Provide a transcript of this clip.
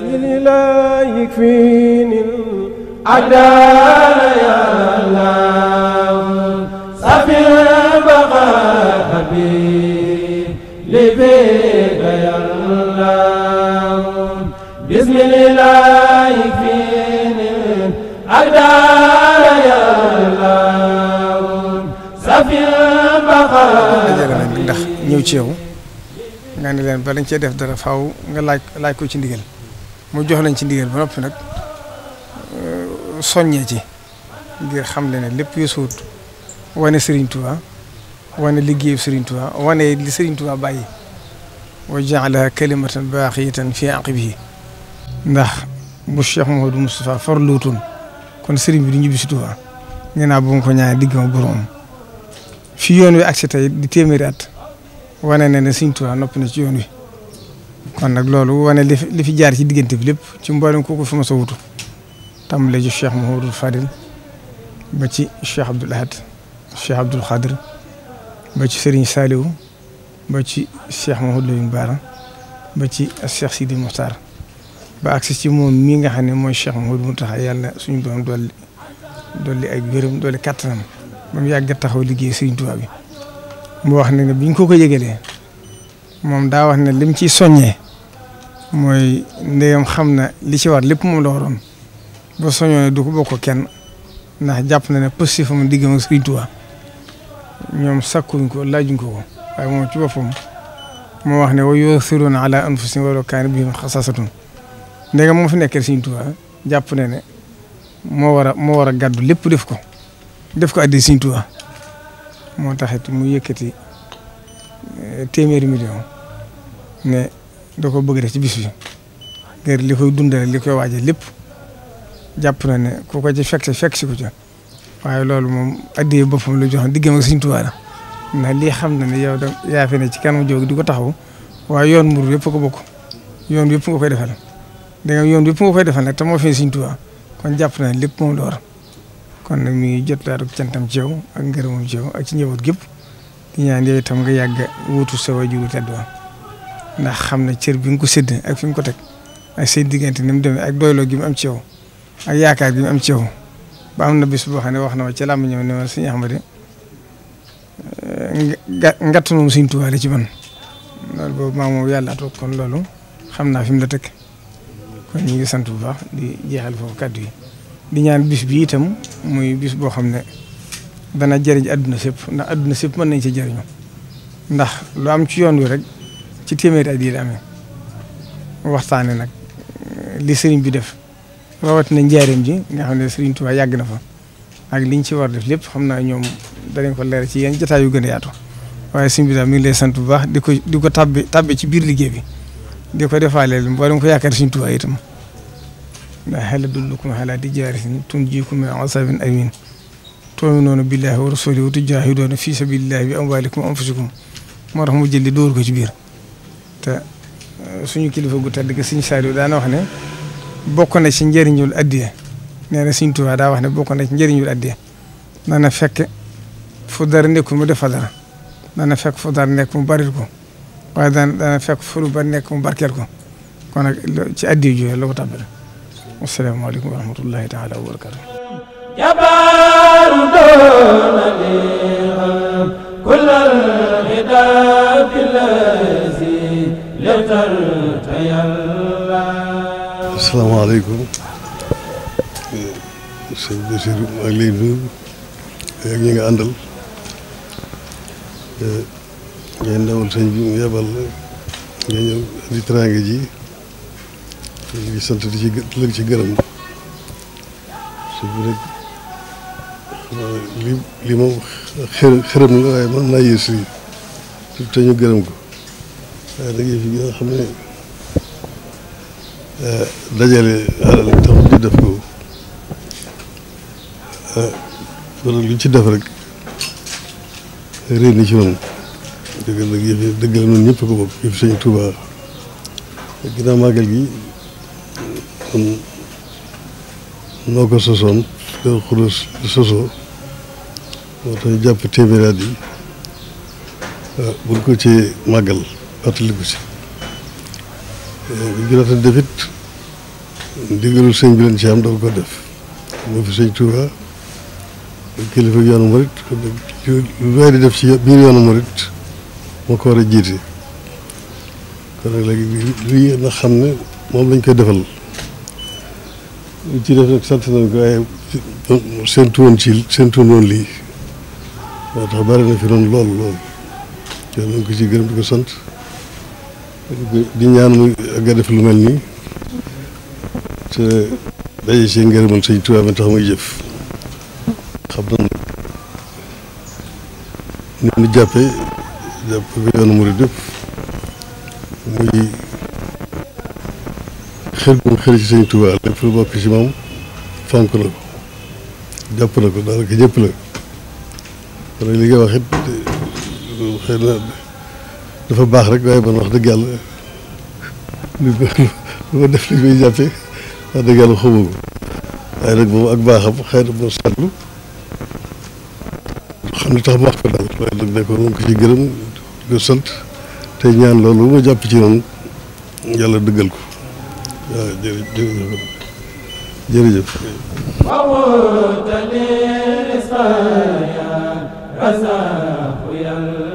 لا يكفيني العدال يا الله سفي بقى حبيب لبيك يا الله بسم الله يكفيني العدال يا الله سفي بقى ndax ñëw ci yow nga ne leen ba lañ cee def dara faaw nga laaj laaj ko ci ndigal mu jox lañ ci ndigal ba noppi nag euh, soññee ci ngir xam le ne lépp yu suut wane Serigne Touba wane liggéeyu Serigne Touba wane li Serigne Touba bàyyi wa jaala kalimatan baaqiyatan fi aqibihi ndax bu Cheikh Mouhamadou Moustapha farluutoon kon Serigne bi di ñibbi si Touba nee naa bu ma ko ñaanee digg ma yoon wi agsi tey di téeméeri at wane na ne Serigne Touba noppi na ci yoon wi kon nag loolu wane li fi jaar ci diggante bi lépp ci mboolem kooku fi ma sa wutu tàmbalee ci cheikh Mouhamadou Fadil ba ci cheikh Abdoul Ahad cheikh Abdoul Khadir ba ci sëriñ Saliou ba ci cheikh Mouhamadou Lamine Bara ba ci cheikh Sidi Mokhtar ba agsi ci moom mii nga xam ne mooy cheikh Mouhamadou taxa yàlla suñu borom dolli dolli ay gërëm dolli kattanam ba mu yàgg a taxaw liggéey Serigne Touba bi mu wax ne biñ ko ko yëgalee. moom daa wax ne lim ciy soññee mooy ndeyam xam na li ci war lépp moom la waroon ba soññoo ne du ko bokk kenn ndax jàpp na ne positif am diggam ak Sëriñ ñoom sakkuñ ko laajuñ ko ko waaye moom ci boppam moo wax ne wa yu'thiruuna ala anfusihim walaw kaana bihim xasaasatun ndegam moo fi nekkee Sëriñ jàpp na ne moo war a moo war a gàddu lépp def ko def ko addi Sëriñ moo taxit mu yëkkati. téeméeri million ne da ko bëgg def ci bis bi ngir li koy dundale li koy waaje lépp jàpp na ne ku ko ci fekk fekk si ko ca waaye loolu moom addiye boppam lu joxoon diggam ak Sëriñ Tuubaa la ndax lii xam na ne yow da yaa ne ci kanam jóg di ko taxaw waaye yoon mburu yëpp ko bokk yoon yëpp nga koy defal yoon yëpp nga koy defal nag te moo fi Sëriñ Tuubaa kon jàpp na lépp moom la kon nag mi ngi jot laa rek cantam ci yow ak ngërëmam ci yow ak ci njaboot gépp di ñaan yow itam nga yàgg wutu sa waajur tedd wa ndax xam ne cër bi nga ko sédd ak fi nga ko teg ak seen diggante ni mu demee ak doyloo gi am ci yow ak yaakaar gi am ci yow ba am na bis boo xam ne wax na ci làmb ñëw ne ma suñu Ahmadi eh, ngatt moom suñ tubaale ci man loolu boobu maa moom loolu xam naa fi mu la teg kon ñu ngi sant bu baax di jeexal foofu kàddu yi di ñaan bis bi itam muy bis boo xam ne dana jëriñ adduna sépp ndax adduna sépp mën nañ ci jëriñu ndax lu am ci yoon wi rek ci téeméeri at yi amee waxtaane nag eh, li sëriñ bi def rawatina njaareem ji nga xam ne sëriñ Tuubaa yàgg na fa ak liñ ci war def lépp xam naa ñoom danañ ko leer ci yen jotaay yu gën a yaatu waaye sëriñ bi daal mi ngi lay sant bu baax di ko di ko tàbbi tàbbi ci biir liggéey bi di ko defaaleel mboolem ko yaakaar sëriñ Tuubaa itam ndax hal adullukum alaa tijaaratin tunjiikum min azaabin aliim tu'minuuna billaahi wa rasuulihi wa tujaahiduuna fii sabiilillaahi bi amwaalikum wa anfusikum moo tax mu jëli dóor ko ci biir te uh, suñu kilifa gu tedd gi suñu Saaliw daana wax ne bokk na ci njëriñul addiya nee na suñu Tuubaa daa wax ne bokk na ci njëriñul addiya dana fekk fu mu defal fekk fu dara nekk mu baril ko waaye daan dana fekk fu lu nekk mu barkeel ko kon nag ci addiya jooju la ko tàmbale. asalaamaaleykum taala wa barakaatu. asalaamaaleykum sëñ Bassirou maa ngi lay nuyu ak ñi nga àndal eh, ngay ndawal sëñ bi mu yebal nga ñëw di teraanga ji di sant di ci lëg ci gërëm su bu rek li li moom xër xërëm la waaye man naa yées lii te ñu gërëm ko waaye nag yëf yi nga xam ne Euh, dajale alal tax ñu def ko euh, loolu lu ñu ci def rek réer na ci noonu dëgg la nag yëf yi dëgg la noonu ñëpp ko bokk yëf sëñ Tuubaa ginnaaw gi kon sosoon doo xulos di sosoo moo tax jàpp téeméeraat yi euh, buñ ci màggal fàttaliku si bu jëloon def it ndigalu sëñ bi leen ci am doo ko def mu fi sëñ Touba kilifa yoonu murit lu waay di def ci biir yoonu murit moo ko war a jiite kon nag léegi lii nga xam ne moom lañ koy defal lu ci def nag sant nañ ci seentu woon lii moo tax bari na fi noonu lool lool yow nañ ko ci gërëm di ko sant. di ñaan muy nga def lu mel nii te daje see ngërëmal sëñ Tuubaa mi tax muy jëf xam na ni mu jàppee jàpp ko yoonu murid yëpp muy xër gum xër ci sëñ Tuubaa lépp lu bokk ci moom fonk na ko jàpp na ko daanaka ñëpp la kon li nga wax it xëy na dafa baax rek waaye man wax dëgg yàlla lu ko def li koy jàppee wax dëgg yàlla xamoo ko waaye nag moom ak baaxam xëy na moo seetlu xam ni tax mu wax ko daal waaye nag ne ko moom ko ci gërëm di ko sant te ñaan loolu ma jàpp ci moom yàlla dëggal ko waaw jërëjëf jërëjëf